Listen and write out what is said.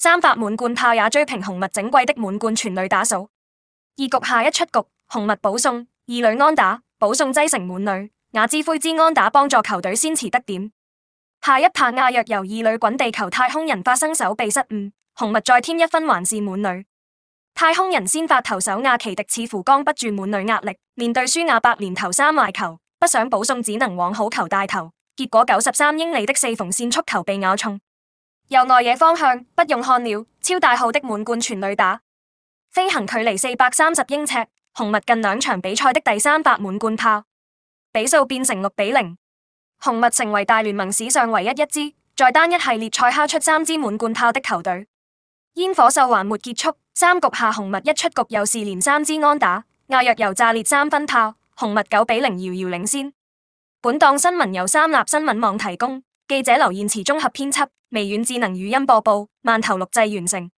三發滿貫炮也追平紅襪整季的滿貫全壘打數。二局下一出局，紅襪保送二壘安打，保送擠成滿壘。亞茲灰之安打幫助球隊先馳得點。下一拍亞約由二壘滾地球，太空人發生手臂失誤，紅襪再添一分還是滿壘。太空人先發投手亞奇迪似乎扛不住滿壘壓力，面對舒瓦伯連投三壞球，不想保送只能往好球帶投，結果九十三英里的四縫線速球被咬中。由內野方向，不用看了，超大號的滿貫全壘打，飛行距離四百三十英尺，紅襪近兩場比賽的第三發滿貫炮，比數變成六比零，紅襪成為大聯盟史上唯一一支在單一系列賽敲出三支滿貫炮的球隊。煙火秀還沒結束，三局下紅襪一出局又是連三支安打，亞約由炸裂三分炮，紅襪九比零遙遙領先。本檔新聞由三立新聞網提供。記者劉燕慈綜合編輯，微軟智能語音播報，饅頭錄製完成。